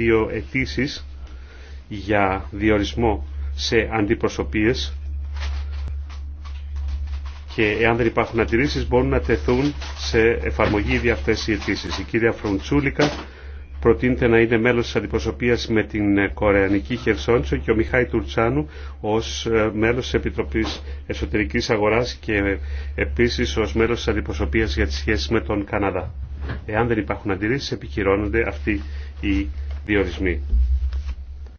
δύο αιτήσει για διορισμό σε αντιπροσωπείες και εάν δεν υπάρχουν αντιρρήσεις μπορούν να τεθούν σε εφαρμογή ήδη αυτές οι αιτήσει. Η κυρία Φρουντσούλικα προτείνεται να είναι μέλος της αντιπροσωπείας με την Κορεανική Χερσόνησο και ο Μιχάη Τουρτσάνου ως ε, μέλος της Επιτροπής Εσωτερικής Αγοράς και επίσης ως μέλος της αντιπροσωπείας για τις σχέσεις με τον Καναδά. Εάν δεν υπάρχουν αντιρρήσεις επικυρώνονται αυτοί οι διορισμοί.